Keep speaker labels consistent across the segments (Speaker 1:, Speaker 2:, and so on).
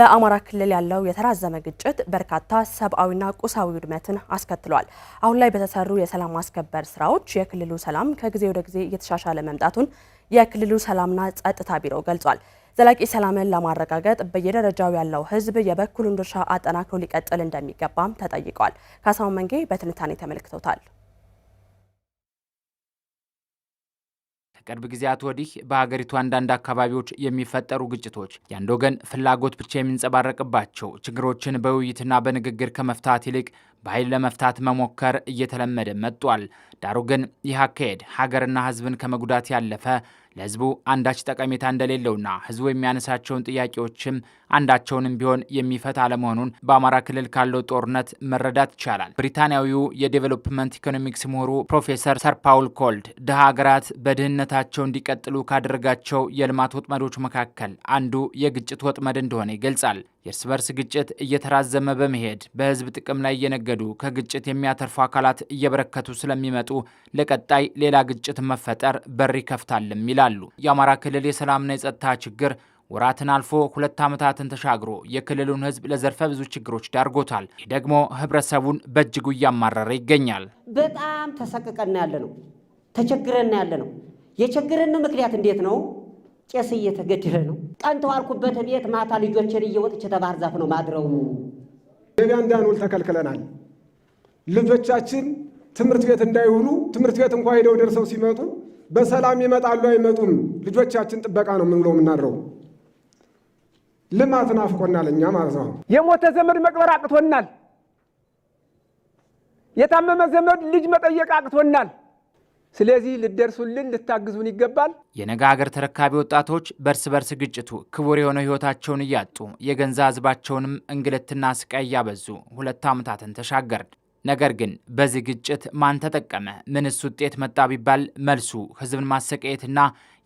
Speaker 1: በአማራ ክልል ያለው የተራዘመ ግጭት በርካታ ሰብአዊና ቁሳዊ ውድመትን አስከትሏል። አሁን ላይ በተሰሩ የሰላም ማስከበር ስራዎች የክልሉ ሰላም ከጊዜ ወደ ጊዜ እየተሻሻለ መምጣቱን የክልሉ ሰላምና ጸጥታ ቢሮ ገልጿል። ዘላቂ ሰላምን ለማረጋገጥ በየደረጃው ያለው ሕዝብ የበኩሉን ድርሻ አጠናክሮ ሊቀጥል እንደሚገባም ተጠይቋል። ካሳሁን መንጌ በትንታኔ ተመልክቶታል።
Speaker 2: ከቅርብ ጊዜያት ወዲህ በሀገሪቱ አንዳንድ አካባቢዎች የሚፈጠሩ ግጭቶች የአንድ ወገን ፍላጎት ብቻ የሚንጸባረቅባቸው ችግሮችን በውይይትና በንግግር ከመፍታት ይልቅ በኃይል ለመፍታት መሞከር እየተለመደ መጥቷል። ዳሩ ግን ይህ አካሄድ ሀገርና ሕዝብን ከመጉዳት ያለፈ ለህዝቡ አንዳች ጠቀሜታ እንደሌለውና ህዝቡ የሚያነሳቸውን ጥያቄዎችም አንዳቸውንም ቢሆን የሚፈታ አለመሆኑን በአማራ ክልል ካለው ጦርነት መረዳት ይቻላል። ብሪታንያዊው የዴቨሎፕመንት ኢኮኖሚክስ ምሁሩ ፕሮፌሰር ሰር ፓውል ኮልድ ድሃ ሀገራት በድህነታቸው እንዲቀጥሉ ካደረጋቸው የልማት ወጥመዶች መካከል አንዱ የግጭት ወጥመድ እንደሆነ ይገልጻል። የእርስ በርስ ግጭት እየተራዘመ በመሄድ በህዝብ ጥቅም ላይ እየነገዱ ከግጭት የሚያተርፉ አካላት እየበረከቱ ስለሚመጡ ለቀጣይ ሌላ ግጭት መፈጠር በር ይከፍታልም ይላል። ይላሉ። የአማራ ክልል የሰላምና የጸጥታ ችግር ወራትን አልፎ ሁለት ዓመታትን ተሻግሮ የክልሉን ሕዝብ ለዘርፈ ብዙ ችግሮች ዳርጎታል። ይህ ደግሞ ህብረተሰቡን በእጅጉ እያማረረ ይገኛል።
Speaker 3: በጣም ተሰቅቀን ያለ ነው፣ ተቸግረና ያለ ነው። የችግርን ምክንያት እንዴት ነው? ጭስ እየተገደለ ነው። ቀን ተዋልኩበት ቤት ማታ ልጆችን እየወጥች ተባህር ዛፍ ነው ማድረው።
Speaker 4: ገበያ እንዳንውል ተከልክለናል። ልጆቻችን ትምህርት ቤት እንዳይውሉ ትምህርት ቤት እንኳ ሄደው ደርሰው ሲመጡ በሰላም ይመጣሉ አይመጡም፣ ልጆቻችን ጥበቃ ነው የምንውለው የምናድረው። ልማት ናፍቆናል እኛ ማለት ነው።
Speaker 5: የሞተ ዘመድ መቅበር አቅቶናል። የታመመ ዘመድ ልጅ መጠየቅ አቅቶናል። ስለዚህ ልደርሱልን ልታግዙን ይገባል።
Speaker 2: የነገ አገር ተረካቢ ወጣቶች በእርስ በርስ ግጭቱ ክቡር የሆነ ሕይወታቸውን እያጡ የገንዛ ሕዝባቸውንም እንግልትና ስቃይ እያበዙ ሁለት ዓመታትን ተሻገርን። ነገር ግን በዚህ ግጭት ማን ተጠቀመ? ምንስ ውጤት መጣ ቢባል መልሱ ህዝብን ማሰቃየትና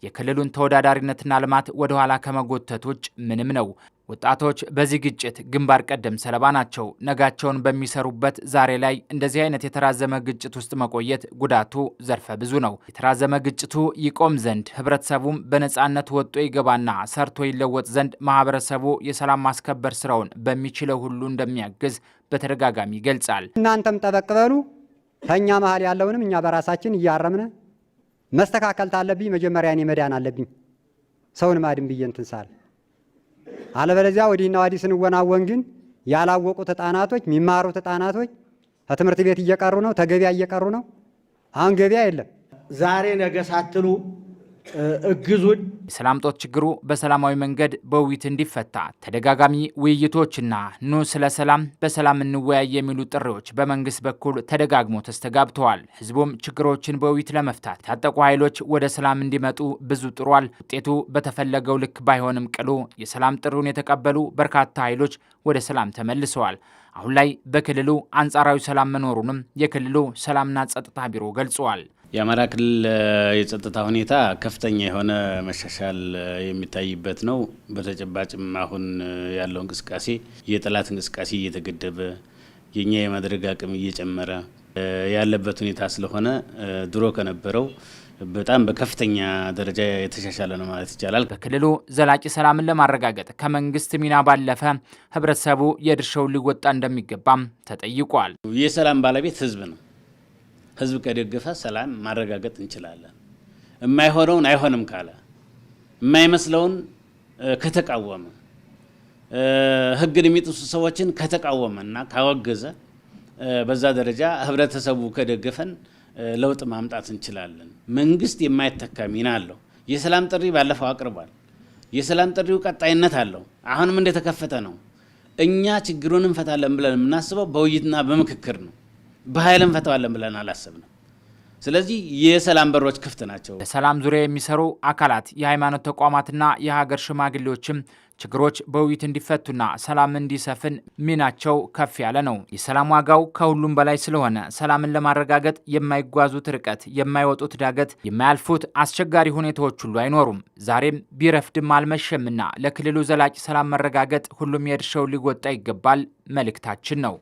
Speaker 2: የክልሉን ተወዳዳሪነትና ልማት ወደኋላ ከመጎተት ውጭ ምንም ነው። ወጣቶች በዚህ ግጭት ግንባር ቀደም ሰለባ ናቸው። ነጋቸውን በሚሰሩበት ዛሬ ላይ እንደዚህ አይነት የተራዘመ ግጭት ውስጥ መቆየት ጉዳቱ ዘርፈ ብዙ ነው። የተራዘመ ግጭቱ ይቆም ዘንድ ህብረተሰቡም በነፃነት ወጦ ይገባና ሰርቶ ይለወጥ ዘንድ ማህበረሰቡ የሰላም ማስከበር ስራውን በሚችለው ሁሉ እንደሚያግዝ በተደጋጋሚ ይገልጻል።
Speaker 6: እናንተም ጠበቅ በሉ፣ ከእኛ መሀል ያለውንም እኛ በራሳችን እያረምነ መስተካከል ታለብኝ። መጀመሪያ እኔ መዳን አለብኝ። ሰውን ማድን ብዬ እንትን ሳል አለበለዚያ ወዲህና ወዲህ ስንወናወን ግን ያላወቁት ህፃናቶች የሚማሩት ህፃናቶች ከትምህርት ቤት እየቀሩ ነው፣ ተገቢያ እየቀሩ ነው። አሁን ገቢያ የለም።
Speaker 7: ዛሬ ነገ ሳትሉ እግዙን።
Speaker 2: የሰላም እጦት ችግሩ በሰላማዊ መንገድ በውይይት እንዲፈታ ተደጋጋሚ ውይይቶችና ኑ ስለ ሰላም በሰላም እንወያይ የሚሉ ጥሪዎች በመንግስት በኩል ተደጋግሞ ተስተጋብተዋል። ህዝቡም ችግሮችን በውይይት ለመፍታት የታጠቁ ኃይሎች ወደ ሰላም እንዲመጡ ብዙ ጥሯል። ውጤቱ በተፈለገው ልክ ባይሆንም ቅሉ የሰላም ጥሪውን የተቀበሉ በርካታ ኃይሎች ወደ ሰላም ተመልሰዋል። አሁን ላይ በክልሉ አንጻራዊ ሰላም መኖሩንም የክልሉ ሰላምና ጸጥታ ቢሮ ገልጸዋል።
Speaker 8: የአማራ ክልል የጸጥታ ሁኔታ ከፍተኛ የሆነ መሻሻል የሚታይበት ነው። በተጨባጭም አሁን ያለው እንቅስቃሴ የጠላት እንቅስቃሴ እየተገደበ የኛ የማድረግ አቅም እየጨመረ ያለበት ሁኔታ ስለሆነ ድሮ ከነበረው በጣም በከፍተኛ ደረጃ የተሻሻለ ነው ማለት ይቻላል።
Speaker 2: በክልሉ ዘላቂ ሰላምን ለማረጋገጥ ከመንግስት ሚና ባለፈ ህብረተሰቡ የድርሻውን ሊወጣ እንደሚገባም ተጠይቋል።
Speaker 9: የሰላም ባለቤት ህዝብ ነው። ህዝብ ከደገፈ ሰላም ማረጋገጥ እንችላለን። የማይሆነውን አይሆንም ካለ የማይመስለውን ከተቃወመ ህግን የሚጥሱ ሰዎችን ከተቃወመ እና ካወገዘ በዛ ደረጃ ህብረተሰቡ ከደገፈን ለውጥ ማምጣት እንችላለን። መንግስት የማይተካ ሚና አለው። የሰላም ጥሪ ባለፈው አቅርቧል። የሰላም ጥሪው ቀጣይነት አለው። አሁንም እንደተከፈተ ነው። እኛ ችግሩን እንፈታለን ብለን የምናስበው በውይይትና በምክክር ነው። በኃይል እንፈተዋለን ብለን አላሰብንም። ስለዚህ የሰላም በሮች ክፍት ናቸው።
Speaker 2: በሰላም ዙሪያ የሚሰሩ አካላት፣ የሃይማኖት ተቋማትና የሀገር ሽማግሌዎችም ችግሮች በውይይት እንዲፈቱና ሰላም እንዲሰፍን ሚናቸው ከፍ ያለ ነው። የሰላም ዋጋው ከሁሉም በላይ ስለሆነ ሰላምን ለማረጋገጥ የማይጓዙት ርቀት፣ የማይወጡት ዳገት፣ የማያልፉት አስቸጋሪ ሁኔታዎች ሁሉ አይኖሩም። ዛሬም ቢረፍድም አልመሸምና ለክልሉ ዘላቂ ሰላም መረጋገጥ ሁሉም የድርሻውን ሊወጣ ይገባል መልእክታችን ነው።